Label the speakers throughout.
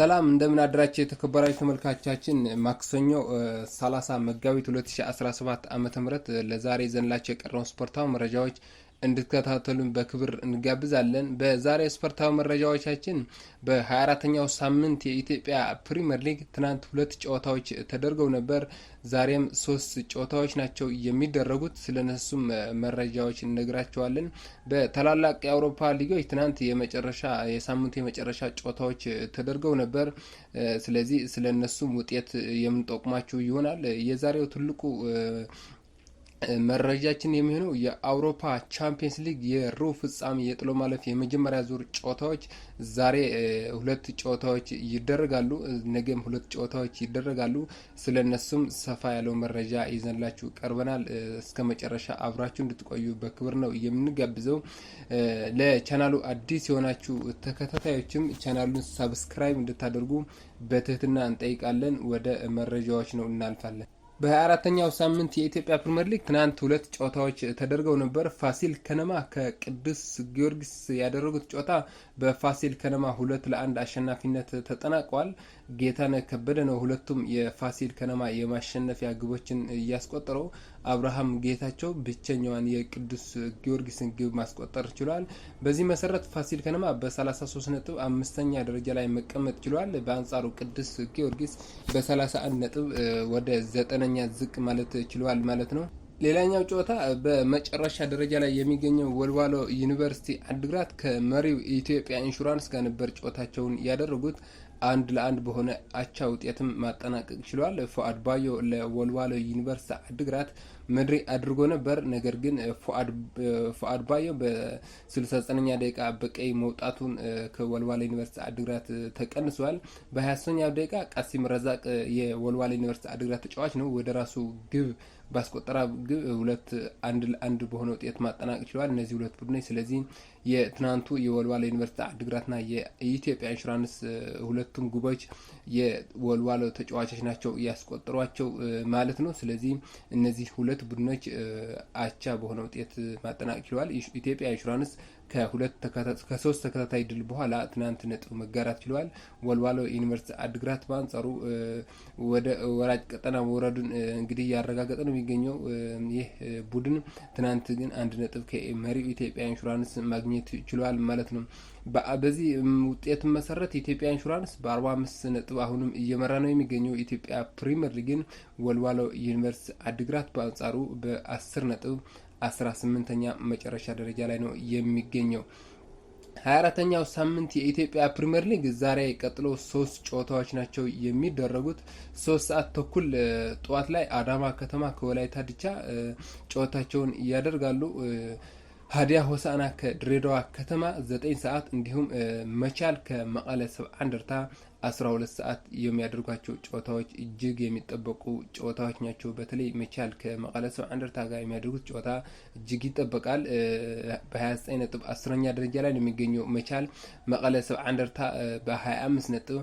Speaker 1: ሰላም እንደምን አድራቸው የተከበራዊ ተመልካቻችን፣ ማክሰኞ 30 መጋቢት 2017 ዓ ም ለዛሬ ዘንላቸው የቀረውን ስፖርታዊ መረጃዎች እንድትከታተሉን በክብር እንጋብዛለን። በዛሬ ስፖርታዊ መረጃዎቻችን በ 24 ተኛው ሳምንት የኢትዮጵያ ፕሪምየር ሊግ ትናንት ሁለት ጨዋታዎች ተደርገው ነበር። ዛሬም ሶስት ጨዋታዎች ናቸው የሚደረጉት። ስለነሱም መረጃዎች እነግራቸዋለን። በታላላቅ የአውሮፓ ሊጎች ትናንት የመጨረሻ የሳምንቱ የመጨረሻ ጨዋታዎች ተደርገው ነበር። ስለዚህ ስለነሱም ውጤት የምንጠቁማችሁ ይሆናል። የዛሬው ትልቁ መረጃችን የሚሆነው የአውሮፓ ቻምፒየንስ ሊግ የሩብ ፍጻሜ የጥሎ ማለፍ የመጀመሪያ ዙር ጨዋታዎች ዛሬ ሁለት ጨዋታዎች ይደረጋሉ። ነገም ሁለት ጨዋታዎች ይደረጋሉ። ስለ እነሱም ሰፋ ያለው መረጃ ይዘንላችሁ ቀርበናል። እስከ መጨረሻ አብራችሁ እንድትቆዩ በክብር ነው የምንጋብዘው። ለቻናሉ አዲስ የሆናችሁ ተከታታዮችም ቻናሉን ሰብስክራይብ እንድታደርጉ በትህትና እንጠይቃለን። ወደ መረጃዎች ነው እናልፋለን። በአራተኛው ሳምንት የኢትዮጵያ ፕሪምየር ሊግ ትናንት ሁለት ጨዋታዎች ተደርገው ነበር። ፋሲል ከነማ ከቅዱስ ጊዮርጊስ ያደረጉት ጨዋታ በፋሲል ከነማ ሁለት ለአንድ አሸናፊነት ተጠናቋል። ጌታነህ ከበደ ነው። ሁለቱም የፋሲል ከነማ የማሸነፊያ ግቦችን እያስቆጠረው አብርሃም ጌታቸው ብቸኛዋን የቅዱስ ጊዮርጊስን ግብ ማስቆጠር ችሏል። በዚህ መሰረት ፋሲል ከነማ በ33 ነጥብ አምስተኛ ደረጃ ላይ መቀመጥ ችሏል። በአንጻሩ ቅዱስ ጊዮርጊስ በ31 ነጥብ ወደ ዘጠነኛ ዝቅ ማለት ችሏል ማለት ነው። ሌላኛው ጨዋታ በመጨረሻ ደረጃ ላይ የሚገኘው ወልዋሎ ዩኒቨርሲቲ አድግራት ከመሪው ኢትዮጵያ ኢንሹራንስ ጋር ነበር ጨዋታቸውን ያደረጉት። አንድ ለአንድ በሆነ አቻ ውጤትም ማጠናቀቅ ችሏል። ፉአድ ባዮ ለወልዋሎ ዩኒቨርስቲ አድግራት መድሪ አድርጎ ነበር። ነገር ግን ፉአድ ባዮ በ69ኛ ደቂቃ በቀይ መውጣቱን ከወልዋሎ ዩኒቨርስቲ አድግራት ተቀንሷል። በ29ኛው ደቂቃ ቃሲም ረዛቅ የወልዋሎ ዩኒቨርስቲ አድግራት ተጫዋች ነው ወደ ራሱ ግብ ባስቆጠራ ግብ ሁለት አንድ ለአንድ በሆነ ውጤት ማጠናቅ ችለዋል። እነዚህ ሁለት ቡድኖች ስለዚህ የትናንቱ የወልዋሎ ዩኒቨርሲቲ አድግራትና የኢትዮጵያ ኢንሹራንስ ሁለቱም ጉባኤዎች የወልዋሎ ተጫዋቾች ናቸው ያስቆጠሯቸው ማለት ነው። ስለዚህ እነዚህ ሁለት ቡድኖች አቻ በሆነ ውጤት ማጠናቅ ችለዋል። ኢትዮጵያ ኢንሹራንስ ከሶስት ተከታታይ ድል በኋላ ትናንት ነጥብ መጋራት ችለዋል። ወልዋሎ ዩኒቨርሲቲ አድግራት በአንጻሩ ወደ ወራጅ ቀጠና መውረዱን እንግዲህ እያረጋገጠ ነው የሚገኘው። ይህ ቡድን ትናንት ግን አንድ ነጥብ ከመሪው ኢትዮጵያ ኢንሹራንስ ማግኘት ችለዋል ማለት ነው። በዚህ ውጤት መሰረት ኢትዮጵያ ኢንሹራንስ በ45 ነጥብ አሁንም እየመራ ነው የሚገኘው ኢትዮጵያ ፕሪምየር ሊግን። ወልዋሎ ዩኒቨርሲቲ አድግራት በአንጻሩ በ10 ነጥብ 18ኛ መጨረሻ ደረጃ ላይ ነው የሚገኘው። 24ተኛው ሳምንት የኢትዮጵያ ፕሪምየር ሊግ ዛሬ ቀጥሎ ሶስት ጨዋታዎች ናቸው የሚደረጉት። ሶስት ሰዓት ተኩል ጠዋት ላይ አዳማ ከተማ ከወላይታ ድቻ ጨዋታቸውን ያደርጋሉ። ሀዲያ ሆሳና ከድሬዳዋ ከተማ 9 ሰዓት እንዲሁም መቻል ከመቀለ 70 እንደርታ 12 ሰዓት የሚያደርጓቸው ጨዋታዎች እጅግ የሚጠበቁ ጨዋታዎች ናቸው። በተለይ መቻል ከመቀለ 70 እንደርታ ጋር የሚያደርጉት ጨዋታ እጅግ ይጠበቃል። በ29 ነጥብ 10ኛ ደረጃ ላይ የሚገኘው መቻል መቀለ 70 እንደርታ በ25 ነጥብ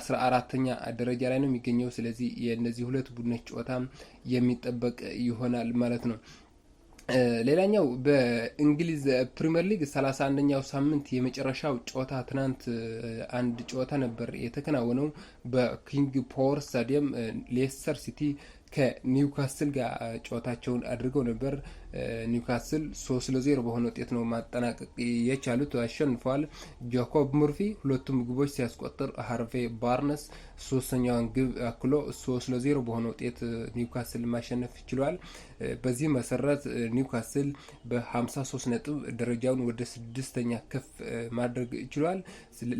Speaker 1: አስራ አራተኛ ደረጃ ላይ ነው የሚገኘው። ስለዚህ የእነዚህ ሁለት ቡድኖች ጨዋታ የሚጠበቅ ይሆናል ማለት ነው። ሌላኛው በእንግሊዝ ፕሪምየር ሊግ ሰላሳ አንደኛው ሳምንት የመጨረሻው ጨዋታ ትናንት አንድ ጨዋታ ነበር የተከናወነው። በኪንግ ፖወር ስታዲየም ሌስተር ሲቲ ከኒውካስል ጋር ጨዋታቸውን አድርገው ነበር። ኒውካስል ሶስት ለዜሮ በሆነ ውጤት ነው ማጠናቀቅ የቻሉት፣ አሸንፏል። ጃኮብ ሙርፊ ሁለቱም ግቦች ሲያስቆጥር፣ ሀርቬ ባርነስ ሶስተኛውን ግብ አክሎ ሶስት ለዜሮ በሆነ ውጤት ኒውካስል ማሸነፍ ችሏል። በዚህ መሰረት ኒውካስል በ53 ነጥብ ደረጃውን ወደ ስድስተኛ ከፍ ማድረግ ችሏል።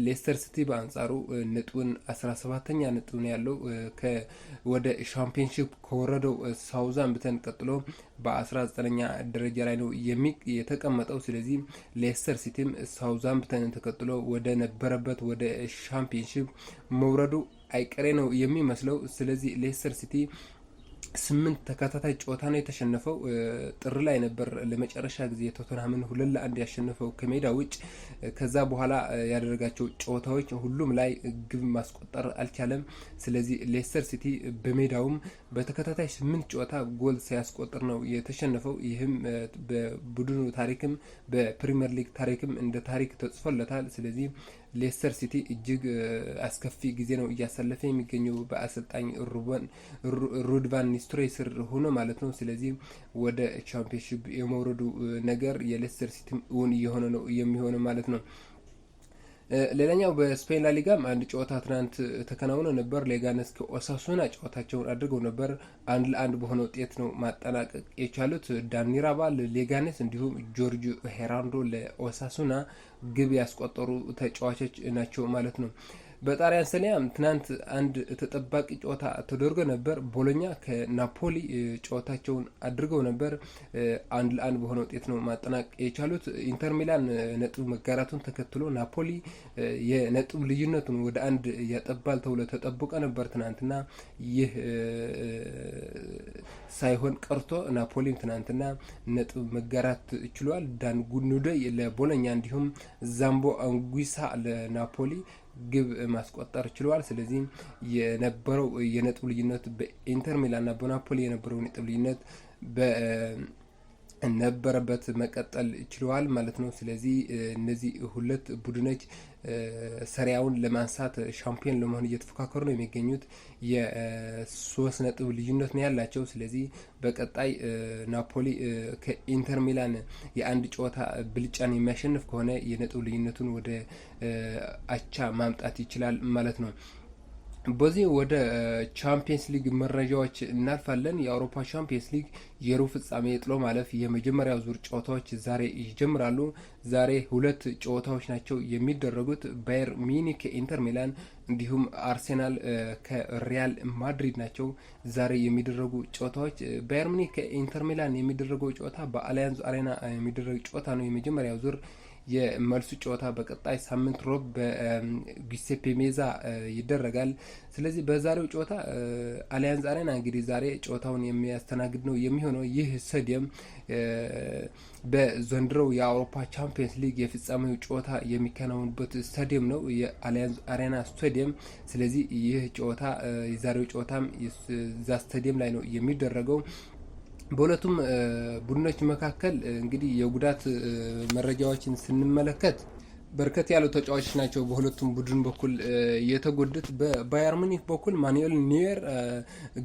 Speaker 1: ሌስተር ሲቲ በአንጻሩ ነጥቡን 17ተኛ ነጥብን ያለው ወደ ሻምፒንሽፕ ከወረደው ሳውዛምፕተን ቀጥሎ በ19ኛ ደረጃ ላይ ነው የተቀመጠው። ስለዚህ ሌስተር ሲቲም ሳውዛምፕተንን ተቀጥሎ ወደ ነበረበት ወደ ሻምፒዮንሺፕ መውረዱ አይቀሬ ነው የሚመስለው። ስለዚህ ሌስተር ሲቲ ስምንት ተከታታይ ጨዋታ ነው የተሸነፈው። ጥር ላይ ነበር ለመጨረሻ ጊዜ ቶተናምን ሁለት ለአንድ ያሸነፈው ከሜዳ ውጭ። ከዛ በኋላ ያደረጋቸው ጨዋታዎች ሁሉም ላይ ግብ ማስቆጠር አልቻለም። ስለዚህ ሌስተር ሲቲ በሜዳውም በተከታታይ ስምንት ጨዋታ ጎል ሳያስቆጥር ነው የተሸነፈው። ይህም በቡድኑ ታሪክም በፕሪምየር ሊግ ታሪክም እንደ ታሪክ ተጽፎለታል። ስለዚህ ሌስተር ሲቲ እጅግ አስከፊ ጊዜ ነው እያሳለፈ የሚገኘው በአሰልጣኝ ሩድቫን ቫን ስር ሆኖ ማለት ነው። ስለዚህ ወደ ቻምፒዮንሺፕ የመውረዱ ነገር የሌስተር ሲቲ እውን እየሆነ ነው የሚሆነ ማለት ነው። ሌላኛው በስፔን ላሊጋም አንድ ጨዋታ ትናንት ተከናውኖ ነበር። ሌጋነስ ከኦሳሱና ጨዋታቸውን አድርገው ነበር። አንድ ለአንድ በሆነ ውጤት ነው ማጠናቀቅ የቻሉት። ዳኒራባ ለሌጋነስ እንዲሁም ጆርጅ ሄራንዶ ለኦሳሱና ግብ ያስቆጠሩ ተጫዋቾች ናቸው ማለት ነው። በጣሊያን ሰኒያም ትናንት አንድ ተጠባቂ ጨዋታ ተደርጎ ነበር። ቦሎኛ ከናፖሊ ጨዋታቸውን አድርገው ነበር። አንድ ለአንድ በሆነ ውጤት ነው ማጠናቅ የቻሉት። ኢንተር ሚላን ነጥብ መጋራቱን ተከትሎ ናፖሊ የነጥብ ልዩነቱን ወደ አንድ ያጠባል ተብሎ ተጠብቆ ነበር ትናንትና። ይህ ሳይሆን ቀርቶ ናፖሊም ትናንትና ነጥብ መጋራት ችሏል። ዳንጉኑደይ ለቦሎኛ እንዲሁም ዛምቦ አንጉሳ ለናፖሊ ግብ ማስቆጠር ችለዋል። ስለዚህም የነበረው የነጥብ ልዩነት በኢንተር ሚላንና በናፖሊ የነበረው የነጥብ ልዩነት በ ነበረበት መቀጠል ችለዋል ማለት ነው። ስለዚህ እነዚህ ሁለት ቡድኖች ሰሪያውን ለማንሳት ሻምፒዮን ለመሆን እየተፎካከሩ ነው የሚገኙት። የሶስት ነጥብ ልዩነት ነው ያላቸው። ስለዚህ በቀጣይ ናፖሊ ከኢንተር ሚላን የአንድ ጨዋታ ብልጫን የሚያሸንፍ ከሆነ የነጥብ ልዩነቱን ወደ አቻ ማምጣት ይችላል ማለት ነው። በዚህ ወደ ቻምፒየንስ ሊግ መረጃዎች እናልፋለን። የአውሮፓ ቻምፒየንስ ሊግ የሩብ ፍጻሜ ጥሎ ማለፍ የመጀመሪያ ዙር ጨዋታዎች ዛሬ ይጀምራሉ። ዛሬ ሁለት ጨዋታዎች ናቸው የሚደረጉት ባየር ሚኒክ ከኢንተር ሚላን እንዲሁም አርሴናል ከሪያል ማድሪድ ናቸው ዛሬ የሚደረጉ ጨዋታዎች። ባየር ሚኒክ ከኢንተር ሚላን የሚደረገው ጨዋታ በአሊያንዝ አሬና የሚደረግ ጨዋታ ነው የመጀመሪያ ዙር የመልሱ ጨዋታ በቀጣይ ሳምንት ሮብ በጊሴፔ ሜዛ ይደረጋል። ስለዚህ በዛሬው ጨዋታ አሊያንዝ አሬና እንግዲህ ዛሬ ጨዋታውን የሚያስተናግድ ነው የሚሆነው። ይህ ስታዲየም በዘንድሮው የአውሮፓ ቻምፒየንስ ሊግ የፍጻሜው ጨዋታ የሚከናወንበት ስታዲየም ነው፣ የአሊያንዝ አሬና ስታዲየም። ስለዚህ ይህ ጨዋታ የዛሬው ጨዋታም እዛ ስታዲየም ላይ ነው የሚደረገው። በሁለቱም ቡድኖች መካከል እንግዲህ የጉዳት መረጃዎችን ስንመለከት በርከት ያሉ ተጫዋቾች ናቸው በሁለቱም ቡድን በኩል የተጎዱት። በባየር ሙኒክ በኩል ማኑኤል ኒዌር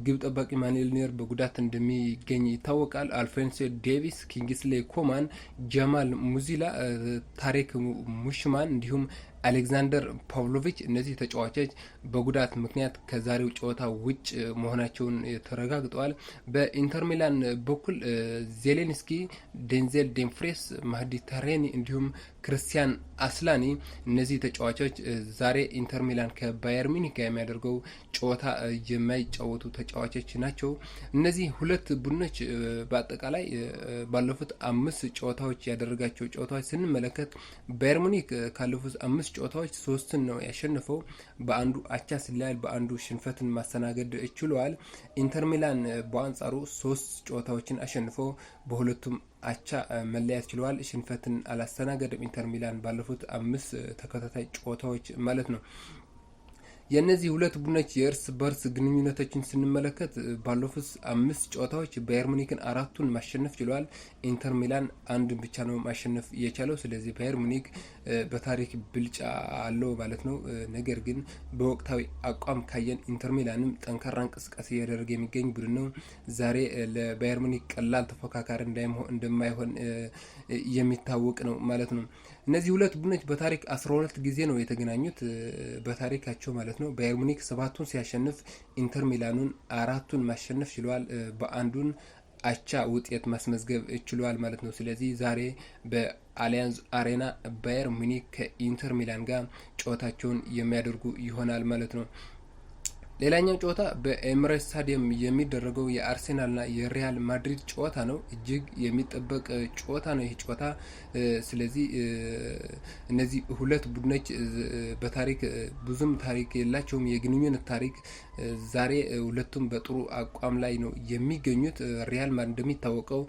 Speaker 1: ግብ ጠባቂ ማኑኤል ኒዌር በጉዳት እንደሚገኝ ይታወቃል። አልፎንሶ ዴቪስ፣ ኪንግስሌ ኮማን፣ ጀማል ሙዚላ፣ ታሪክ ሙሽማን እንዲሁም አሌክዛንደር ፓቭሎቪች እነዚህ ተጫዋቾች በጉዳት ምክንያት ከዛሬው ጨዋታ ውጭ መሆናቸውን ተረጋግጠዋል። በኢንተር ሚላን በኩል ዜሌንስኪ፣ ዴንዜል ዴንፍሬስ፣ ማህዲ ተሬኒ እንዲሁም ክርስቲያን አስላኒ እነዚህ ተጫዋቾች ዛሬ ኢንተር ሚላን ከባየር ሚኒክ ጋር የሚያደርገው ጨዋታ የማይጫወቱ ተጫዋቾች ናቸው። እነዚህ ሁለት ቡድኖች በአጠቃላይ ባለፉት አምስት ጨዋታዎች ያደረጋቸው ጨዋታዎች ስንመለከት ባየር ሙኒክ ካለፉት አምስት ጨዋታዎች ሶስትን ነው ያሸነፈው። በአንዱ አቻ ሲለያል፣ በአንዱ ሽንፈትን ማስተናገድ ችሏል። ኢንተር ሚላን በአንጻሩ ሶስት ጨዋታዎችን አሸንፎ በሁለቱም አቻ መለያት ችለዋል። ሽንፈትን አላስተናገድም ኢንተር ሚላን ባለፉት አምስት ተከታታይ ጨዋታዎች ማለት ነው። የእነዚህ ሁለት ቡድኖች የእርስ በርስ ግንኙነቶችን ስንመለከት ባለፉት አምስት ጨዋታዎች ባየር ሙኒክን አራቱን ማሸነፍ ችለዋል። ኢንተር ሚላን አንድ ብቻ ነው ማሸነፍ የቻለው። ስለዚህ ባየር ሙኒክ በታሪክ ብልጫ አለው ማለት ነው። ነገር ግን በወቅታዊ አቋም ካየን ኢንተር ሚላንም ጠንካራ እንቅስቃሴ እያደረገ የሚገኝ ቡድን ነው። ዛሬ ለባየር ሙኒክ ቀላል ተፎካካሪ እንደማይሆን የሚታወቅ ነው ማለት ነው። እነዚህ ሁለት ቡድኖች በታሪክ 12 ጊዜ ነው የተገናኙት በታሪካቸው ማለት ነው። ባየር ሙኒክ ሰባቱን ሲያሸንፍ ኢንተር ሚላኑን አራቱን ማሸነፍ ችሏል። በአንዱን አቻ ውጤት ማስመዝገብ ችሏል ማለት ነው። ስለዚህ ዛሬ በአሊያንዝ አሬና ባየር ሙኒክ ከኢንተር ሚላን ጋር ጨዋታቸውን የሚያደርጉ ይሆናል ማለት ነው። ሌላኛው ጨዋታ በኤምሬትስ ስታዲየም የሚደረገው የአርሴናልና የሪያል ማድሪድ ጨዋታ ነው። እጅግ የሚጠበቅ ጨዋታ ነው ይህ ጨዋታ። ስለዚህ እነዚህ ሁለት ቡድኖች በታሪክ ብዙም ታሪክ የላቸውም የግንኙነት ታሪክ ዛሬ ሁለቱም በጥሩ አቋም ላይ ነው የሚገኙት። ሪያል ማድ እንደሚታወቀው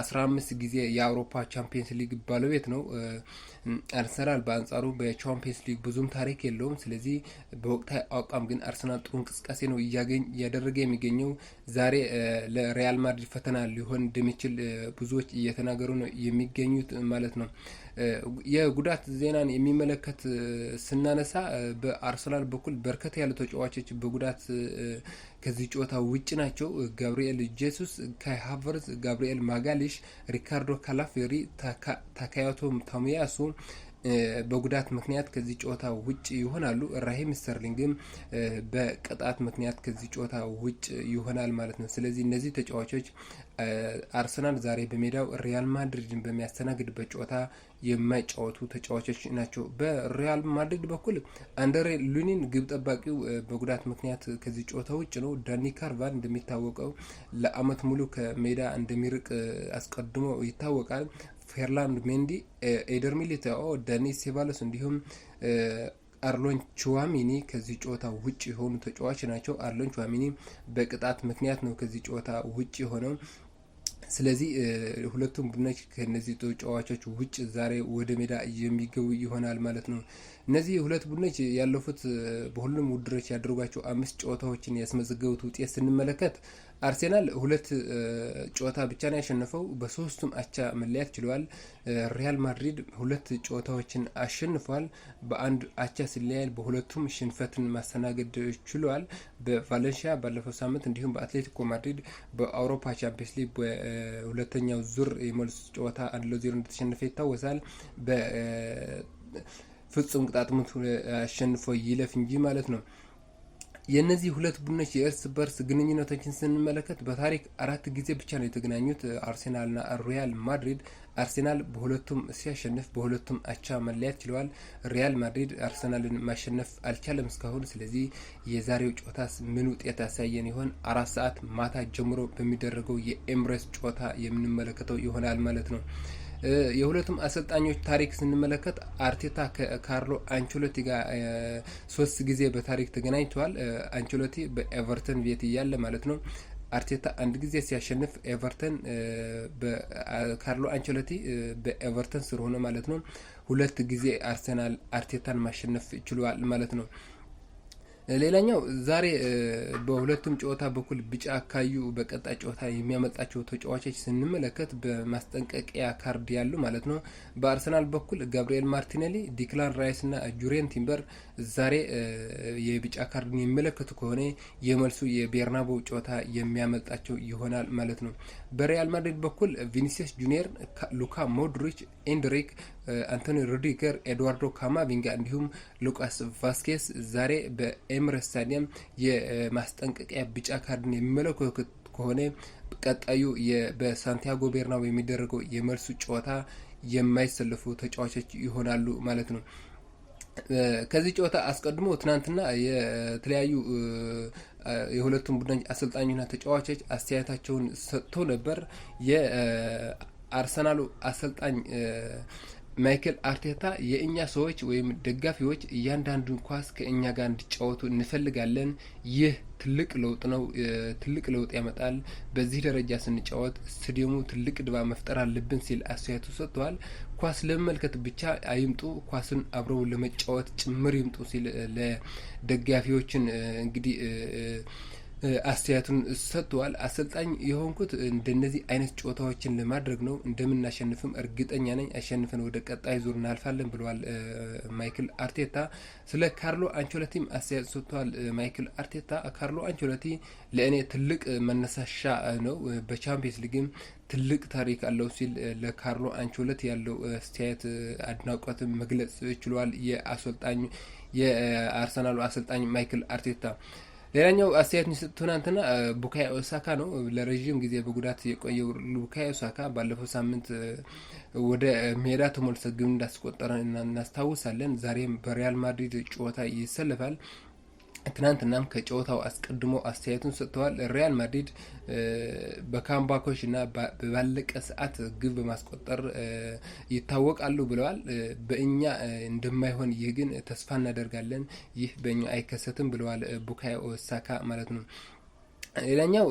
Speaker 1: አስራ አምስት ጊዜ የአውሮፓ ቻምፒየንስ ሊግ ባለቤት ነው። አርሰናል በአንጻሩ በቻምፒየንስ ሊግ ብዙም ታሪክ የለውም። ስለዚህ በወቅታዊ አቋም ግን አርሰናል ጥሩ እንቅስቃሴ ነው እያደረገ የሚገኘው። ዛሬ ለሪያል ማድሪድ ፈተና ሊሆን እንደሚችል ብዙዎች እየተናገሩ ነው የሚገኙት ማለት ነው። የጉዳት ዜናን የሚመለከት ስናነሳ በአርሰናል በኩል በርከት ያሉ ተጫዋቾች በጉዳት ከዚህ ጨዋታ ውጭ ናቸው። ጋብርኤል ጄሱስ፣ ካይ ሃቨርዝ፣ ጋብሪኤል ማጋሊሽ፣ ሪካርዶ ካላፌሪ፣ ታካያቶ ታሙያሱ በጉዳት ምክንያት ከዚህ ጨዋታ ውጭ ይሆናሉ። ራሂም ስተርሊንግም በቅጣት ምክንያት ከዚህ ጨዋታ ውጭ ይሆናል ማለት ነው። ስለዚህ እነዚህ ተጫዋቾች አርሰናል ዛሬ በሜዳው ሪያል ማድሪድን በሚያስተናግድበት ጨዋታ የማይጫወቱ ተጫዋቾች ናቸው። በሪያል ማድሪድ በኩል አንደሬ ሉኒን ግብ ጠባቂው በጉዳት ምክንያት ከዚህ ጨዋታ ውጭ ነው። ዳኒ ካርቫን እንደሚታወቀው ለአመት ሙሉ ከሜዳ እንደሚርቅ አስቀድሞ ይታወቃል። ፌርላንድ ሜንዲ፣ ኤደር ሚሊታኦ፣ ዳኒ ሴቫሎስ እንዲሁም አርሎን ቹዋሚኒ ከዚህ ጨዋታ ውጭ የሆኑ ተጫዋች ናቸው። አርሎን ቹዋሚኒ በቅጣት ምክንያት ነው ከዚህ ጨዋታ ውጭ የሆነው። ስለዚህ ሁለቱም ቡድኖች ከነዚህ ተጫዋቾች ውጭ ዛሬ ወደ ሜዳ የሚገቡ ይሆናል ማለት ነው። እነዚህ ሁለት ቡድኖች ያለፉት በሁሉም ውድድሮች ያደረጓቸው አምስት ጨዋታዎችን ያስመዘገቡት ውጤት ስንመለከት አርሴናል ሁለት ጨዋታ ብቻ ነው ያሸነፈው። በሶስቱም አቻ መለያት ችለዋል። ሪያል ማድሪድ ሁለት ጨዋታዎችን አሸንፏል። በአንድ አቻ ሲለያል፣ በሁለቱም ሽንፈትን ማስተናገድ ችለዋል። በቫለንሺያ ባለፈው ሳምንት እንዲሁም በአትሌቲኮ ማድሪድ በአውሮፓ ቻምፒየንስ ሊግ በሁለተኛው ዙር የመልስ ጨዋታ አንድ ለዜሮ እንደተሸነፈ ይታወሳል። በፍጹም ቅጣት ምት አሸንፎ ይለፍ እንጂ ማለት ነው። የእነዚህ ሁለት ቡድኖች የእርስ በርስ ግንኙነቶችን ስንመለከት በታሪክ አራት ጊዜ ብቻ ነው የተገናኙት፣ አርሴናልና ሪያል ማድሪድ። አርሴናል በሁለቱም ሲያሸንፍ በሁለቱም አቻ መለያት ችለዋል። ሪያል ማድሪድ አርሰናልን ማሸነፍ አልቻለም እስካሁን። ስለዚህ የዛሬው ጨዋታስ ምን ውጤት ያሳየን ይሆን? አራት ሰዓት ማታ ጀምሮ በሚደረገው የኤምሬስ ጨዋታ የምንመለከተው ይሆናል ማለት ነው። የሁለቱም አሰልጣኞች ታሪክ ስንመለከት አርቴታ ከካርሎ አንቸሎቲ ጋር ሶስት ጊዜ በታሪክ ተገናኝተዋል። አንቸሎቲ በኤቨርተን ቤት እያለ ማለት ነው። አርቴታ አንድ ጊዜ ሲያሸንፍ ኤቨርተን ካርሎ አንቸሎቲ በኤቨርተን ስር ሆነ ማለት ነው። ሁለት ጊዜ አርሰናል አርቴታን ማሸነፍ ችሏል ማለት ነው። ሌላኛው ዛሬ በሁለቱም ጨዋታ በኩል ቢጫ ካዩ በቀጣይ ጨዋታ የሚያመጣቸው ተጫዋቾች ስንመለከት በማስጠንቀቂያ ካርድ ያሉ ማለት ነው። በአርሰናል በኩል ጋብሪኤል ማርቲኔሊ፣ ዲክላን ራይስ እና ጁሪየን ቲምበር ዛሬ የቢጫ ካርድን የሚመለከቱ ከሆነ የመልሱ የቤርናቦ ጨዋታ የሚያመልጣቸው ይሆናል ማለት ነው። በሪያል ማድሪድ በኩል ቪኒሲየስ ጁኒየር፣ ሉካ ሞድሪች፣ ኤንድሪክ አንቶኒ ሩዲገር፣ ኤድዋርዶ ካማቪንጋ እንዲሁም ሉቃስ ቫስኬስ ዛሬ በኤምረስ ስታዲየም የማስጠንቀቂያ ቢጫ ካርድን የሚመለከት ከሆነ ቀጣዩ በሳንቲያጎ ቤርናው የሚደረገው የመልሱ ጨዋታ የማይሰለፉ ተጫዋቾች ይሆናሉ ማለት ነው። eh, ከዚህ ጨዋታ አስቀድሞ ትናንትና የተለያዩ eh, የሁለቱም ቡድን አሰልጣኝና ተጫዋቾች አስተያየታቸውን ሰጥቶ ነበር። የአርሰናሉ አሰልጣኝ eh, ማይክል አርቴታ የእኛ ሰዎች ወይም ደጋፊዎች እያንዳንዱን ኳስ ከእኛ ጋር እንዲጫወቱ እንፈልጋለን። ይህ ትልቅ ለውጥ ነው፣ ትልቅ ለውጥ ያመጣል። በዚህ ደረጃ ስንጫወት ስታዲየሙ ትልቅ ድባ መፍጠር አለብን ሲል አስተያየቱ ሰጥተዋል። ኳስ ለመመልከት ብቻ አይምጡ፣ ኳስን አብረው ለመጫወት ጭምር ይምጡ ሲል ለደጋፊዎችን እንግዲህ አስተያየቱን ሰጥተዋል። አሰልጣኝ የሆንኩት እንደነዚህ አይነት ጨዋታዎችን ለማድረግ ነው። እንደምናሸንፍም እርግጠኛ ነኝ። አሸንፈን ወደ ቀጣይ ዙር እናልፋለን ብለዋል ማይክል አርቴታ። ስለ ካርሎ አንቾለቲም አስተያየት ሰጥተዋል ማይክል አርቴታ። ካርሎ አንቾለቲ ለእኔ ትልቅ መነሳሻ ነው፣ በቻምፒየንስ ሊግም ትልቅ ታሪክ አለው ሲል ለካርሎ አንቸሎቲ ያለው አስተያየት አድናቆትም መግለጽ ችሏል። የአሰልጣኝ የአርሰናሉ አሰልጣኝ ማይክል አርቴታ ሌላኛው አስተያየት የሚሰጡት ትናንትና ቡካይ ኦሳካ ነው። ለረዥም ጊዜ በጉዳት የቆየው ቡካይ ኦሳካ ባለፈው ሳምንት ወደ ሜዳ ተመልሶ ግብ እንዳስቆጠረ እናስታውሳለን። ዛሬም በሪያል ማድሪድ ጨዋታ ይሰልፋል። ትናንትናም ከጨዋታው አስቀድሞ አስተያየቱን ሰጥተዋል። ሪያል ማድሪድ በካምባኮች እና በባለቀ ሰዓት ግብ በማስቆጠር ይታወቃሉ ብለዋል። በእኛ እንደማይሆን ይህ ግን ተስፋ እናደርጋለን። ይህ በእኛ አይከሰትም ብለዋል ቡካዮ ሳካ ማለት ነው። ሌላኛው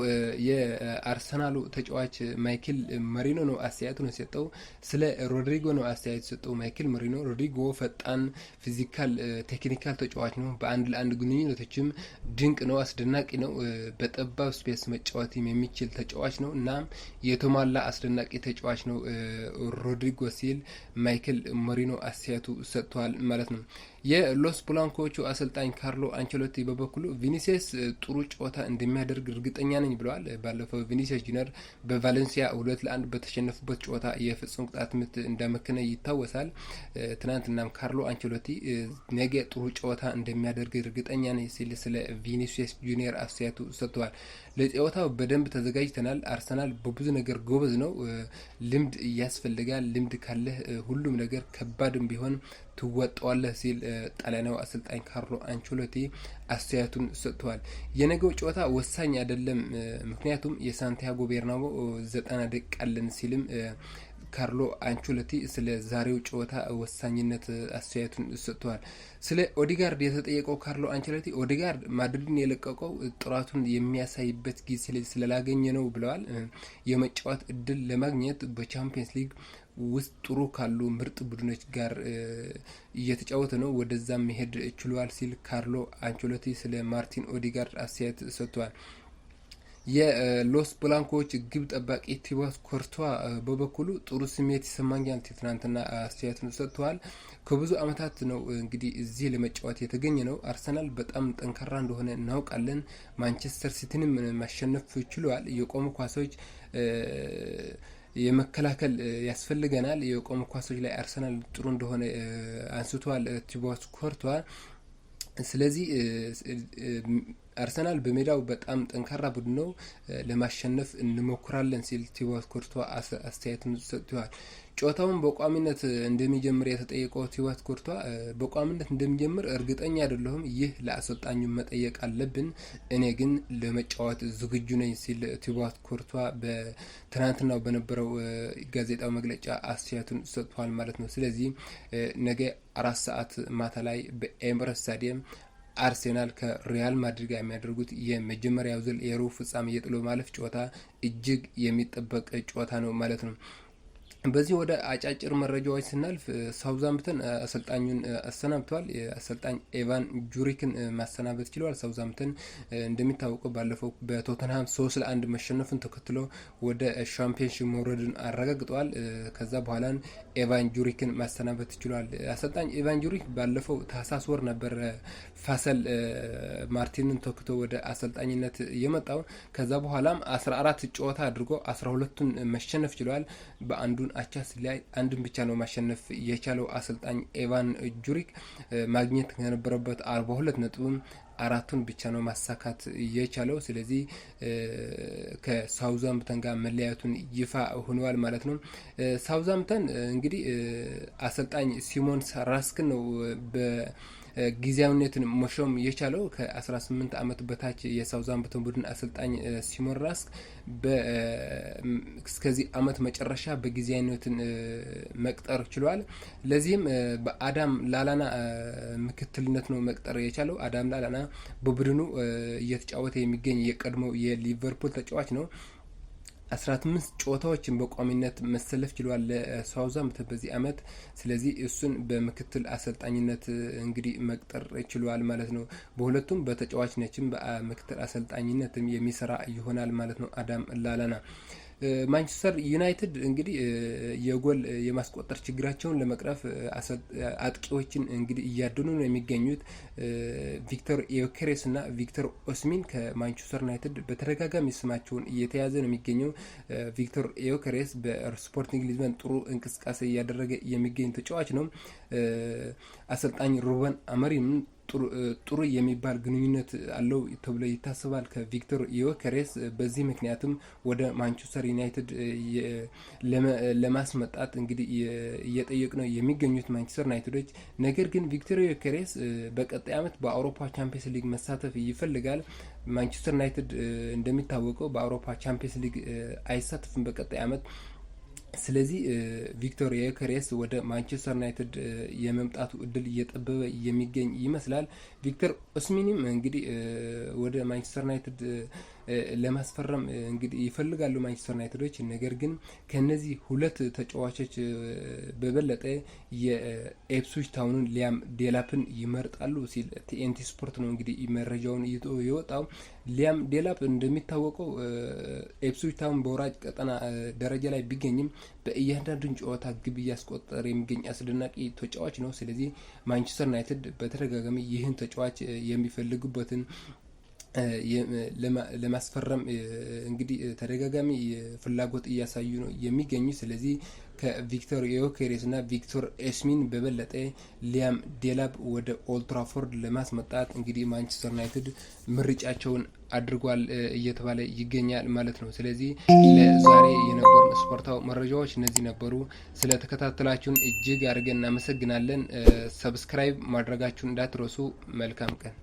Speaker 1: የአርሰናሉ ተጫዋች ማይክል መሪኖ ነው አስተያየቱ ነው የሰጠው። ስለ ሮድሪጎ ነው አስተያየት የሰጠው ማይክል መሪኖ። ሮድሪጎ ፈጣን፣ ፊዚካል፣ ቴክኒካል ተጫዋች ነው። በአንድ ለአንድ ግንኙነቶችም ድንቅ ነው፣ አስደናቂ ነው። በጠባብ ስፔስ መጫወትም የሚችል ተጫዋች ነው እና የተሟላ አስደናቂ ተጫዋች ነው ሮድሪጎ ሲል ማይክል መሪኖ አስተያየቱ ሰጥተዋል ማለት ነው። የሎስ ብላንኮቹ አሰልጣኝ ካርሎ አንቸሎቲ በበኩሉ ቪኒሲየስ ጥሩ ጨዋታ እንደሚያደርግ እርግጠኛ ነኝ ብለዋል። ባለፈው ቪኒሲየስ ጁኒየር በቫሌንሲያ ሁለት ለአንድ በተሸነፉበት ጨዋታ የፍጹም ቅጣት ምት እንዳመከነ ይታወሳል። ትናንትናም ካርሎ አንቸሎቲ ነገ ጥሩ ጨዋታ እንደሚያደርግ እርግጠኛ ነኝ ሲል ስለ ቪኒሲየስ ጁኒየር አስተያየቱ ሰጥተዋል። ለጨዋታው በደንብ ተዘጋጅተናል። አርሰናል በብዙ ነገር ጎበዝ ነው። ልምድ ያስፈልጋል። ልምድ ካለህ ሁሉም ነገር ከባድም ቢሆን ትወጣዋለህ ሲል ጣሊያናዊ አሰልጣኝ ካርሎ አንቸሎቲ አስተያየቱን ሰጥተዋል። የነገው ጨዋታ ወሳኝ አይደለም፣ ምክንያቱም የሳንቲያጎ ቤርናቦ ዘጠና ደቂቃ አለን ሲልም ካርሎ አንቾሎቲ ስለ ዛሬው ጨዋታ ወሳኝነት አስተያየቱን ሰጥተዋል። ስለ ኦዲጋርድ የተጠየቀው ካርሎ አንቸሎቲ ኦዲጋርድ ማድሪድን የለቀቀው ጥራቱን የሚያሳይበት ጊዜ ስለላገኘ ነው ብለዋል። የመጫወት እድል ለማግኘት በቻምፒየንስ ሊግ ውስጥ ጥሩ ካሉ ምርጥ ቡድኖች ጋር እየተጫወተ ነው፣ ወደዛ መሄድ ችሏል ሲል ካርሎ አንቾሎቲ ስለ ማርቲን ኦዲጋርድ አስተያየት ሰጥተዋል። የሎስ ብላንኮች ግብ ጠባቂ ቲቦት ኮርቷ በበኩሉ ጥሩ ስሜት ይሰማኛል ትናንትና አስተያየቱን ሰጥተዋል። ከብዙ አመታት ነው እንግዲህ እዚህ ለመጫወት የተገኘ ነው። አርሰናል በጣም ጠንካራ እንደሆነ እናውቃለን። ማንቸስተር ሲቲንም ማሸነፍ ችለዋል። የቆሙ ኳሶች የመከላከል ያስፈልገናል። የቆሙ ኳሶች ላይ አርሰናል ጥሩ እንደሆነ አንስተዋል ቲቦት ኮርቷ። ስለዚህ አርሰናል በሜዳው በጣም ጠንካራ ቡድን ነው፣ ለማሸነፍ እንሞክራለን ሲል ቲቦት ኮርቶ አስተያየትም ሰጥተዋል። ጨዋታውን በቋሚነት እንደሚጀምር የተጠየቀው ቲቦት ኮርቷ በቋሚነት እንደሚጀምር እርግጠኛ አይደለሁም፣ ይህ ለአሰልጣኙ መጠየቅ አለብን። እኔ ግን ለመጫወት ዝግጁ ነኝ ሲል ቲቦት ኮርቷ በትናንትናው በነበረው ጋዜጣዊ መግለጫ አስተያየቱን ሰጥተዋል ማለት ነው። ስለዚህ ነገ አራት ሰዓት ማታ ላይ በኤምረስ ስታዲየም አርሴናል ከሪያል ማድሪድ ጋር የሚያደርጉት የመጀመሪያው ዙር የሩብ ፍጻሜ የጥሎ ማለፍ ጨዋታ እጅግ የሚጠበቅ ጨዋታ ነው ማለት ነው። በዚህ ወደ አጫጭር መረጃዎች ስናልፍ ሳውዛምፕተን አሰልጣኙን አሰናብተዋል። አሰልጣኝ ኤቫን ጁሪክን ማሰናበት ችለዋል። ሳውዛምፕተን እንደሚታወቀው ባለፈው በቶተንሃም ሶስት ለአንድ መሸነፉን ተከትሎ ወደ ሻምፒዮንሺፕ መውረድን አረጋግጠዋል። ከዛ በኋላ ኤቫን ጁሪክን ማሰናበት ችለዋል። አሰልጣኝ ኤቫን ጁሪክ ባለፈው ታህሳስ ወር ነበር ፋሰል ማርቲንን ተክቶ ወደ አሰልጣኝነት የመጣው። ከዛ በኋላም አስራ አራት ጨዋታ አድርጎ አስራ ሁለቱን መሸነፍ ችለዋል። በአንዱን አቻ ሲለያይ አንድን ብቻ ነው ማሸነፍ የቻለው አሰልጣኝ ኤቫን ጁሪክ ማግኘት ከነበረበት አርባ ሁለት ነጥብም አራቱን ብቻ ነው ማሳካት የቻለው። ስለዚህ ከሳውዛምተን ጋር መለያየቱን ይፋ ሆነዋል ማለት ነው። ሳውዛምተን እንግዲህ አሰልጣኝ ሲሞን ራስክን ነው ጊዜያዊነትን መሾም የቻለው ከ18 ዓመት በታች የሳውዛምፕተን ቡድን አሰልጣኝ ሲሞን ራስክ እስከዚህ ዓመት መጨረሻ በጊዜያዊነትን መቅጠር ችሏል። ለዚህም በአዳም ላላና ምክትልነት ነው መቅጠር የቻለው። አዳም ላላና በቡድኑ እየተጫወተ የሚገኝ የቀድሞው የሊቨርፑል ተጫዋች ነው። 15 ጨዋታዎችን በቋሚነት መሰለፍ ችሏል ለሳውዛምፕተን በዚህ አመት። ስለዚህ እሱን በምክትል አሰልጣኝነት እንግዲህ መቅጠር ችሏል ማለት ነው። በሁለቱም በተጫዋችነችም በምክትል አሰልጣኝነት የሚሰራ ይሆናል ማለት ነው አዳም ላላና ማንቸስተር ዩናይትድ እንግዲህ የጎል የማስቆጠር ችግራቸውን ለመቅረፍ አጥቂዎችን እንግዲህ እያደኑ ነው የሚገኙት። ቪክተር ኤዮኬሬስ እና ቪክተር ኦስሚን ከማንቸስተር ዩናይትድ በተደጋጋሚ ስማቸውን እየተያዘ ነው የሚገኘው። ቪክተር ኤዮኬሬስ በስፖርቲንግ ሊዝበን ጥሩ እንቅስቃሴ እያደረገ የሚገኝ ተጫዋች ነው። አሰልጣኝ ሩበን አሞሪም ጥሩ የሚባል ግንኙነት አለው ተብሎ ይታሰባል ከቪክቶር ዮከሬስ። በዚህ ምክንያትም ወደ ማንቸስተር ዩናይትድ ለማስመጣት እንግዲህ እየጠየቁ ነው የሚገኙት ማንቸስተር ዩናይትዶች። ነገር ግን ቪክቶር ዮከሬስ በቀጣይ ዓመት በአውሮፓ ቻምፒየንስ ሊግ መሳተፍ ይፈልጋል። ማንቸስተር ዩናይትድ እንደሚታወቀው በአውሮፓ ቻምፒየንስ ሊግ አይሳተፍም በቀጣይ ዓመት ስለዚህ ቪክቶር ዮከሬስ ወደ ማንቸስተር ዩናይትድ የመምጣቱ እድል እየጠበበ የሚገኝ ይመስላል። ቪክተር ኦስሚኒም እንግዲህ ወደ ማንቸስተር ዩናይትድ ለማስፈረም እንግዲህ ይፈልጋሉ ማንቸስተር ዩናይትዶች። ነገር ግን ከነዚህ ሁለት ተጫዋቾች በበለጠ የኤፕሱች ታውንን ሊያም ዴላፕን ይመርጣሉ ሲል ቲኤንቲ ስፖርት ነው እንግዲህ መረጃውን ይዞ የወጣው። ሊያም ዴላፕ እንደሚታወቀው ኤፕሱች ታውን በወራጅ ቀጠና ደረጃ ላይ ቢገኝም በእያንዳንዱን ጨዋታ ግብ እያስቆጠረ የሚገኝ አስደናቂ ተጫዋች ነው። ስለዚህ ማንቸስተር ዩናይትድ በተደጋጋሚ ይህን ተጫዋች የሚፈልጉበትን ለማስፈረም እንግዲህ ተደጋጋሚ ፍላጎት እያሳዩ ነው የሚገኙ። ስለዚህ ከቪክቶር ዮኬሬስ እና ቪክቶር ኤስሚን በበለጠ ሊያም ዴላፕ ወደ ኦልትራፎርድ ለማስመጣት እንግዲህ ማንቸስተር ዩናይትድ ምርጫቸውን አድርጓል እየተባለ ይገኛል ማለት ነው። ስለዚህ ለዛሬ የነበሩ ስፖርታዊ መረጃዎች እነዚህ ነበሩ። ስለተከታተላችሁን እጅግ አድርገን እናመሰግናለን። ሰብስክራይብ ማድረጋችሁን እንዳትረሱ። መልካም ቀን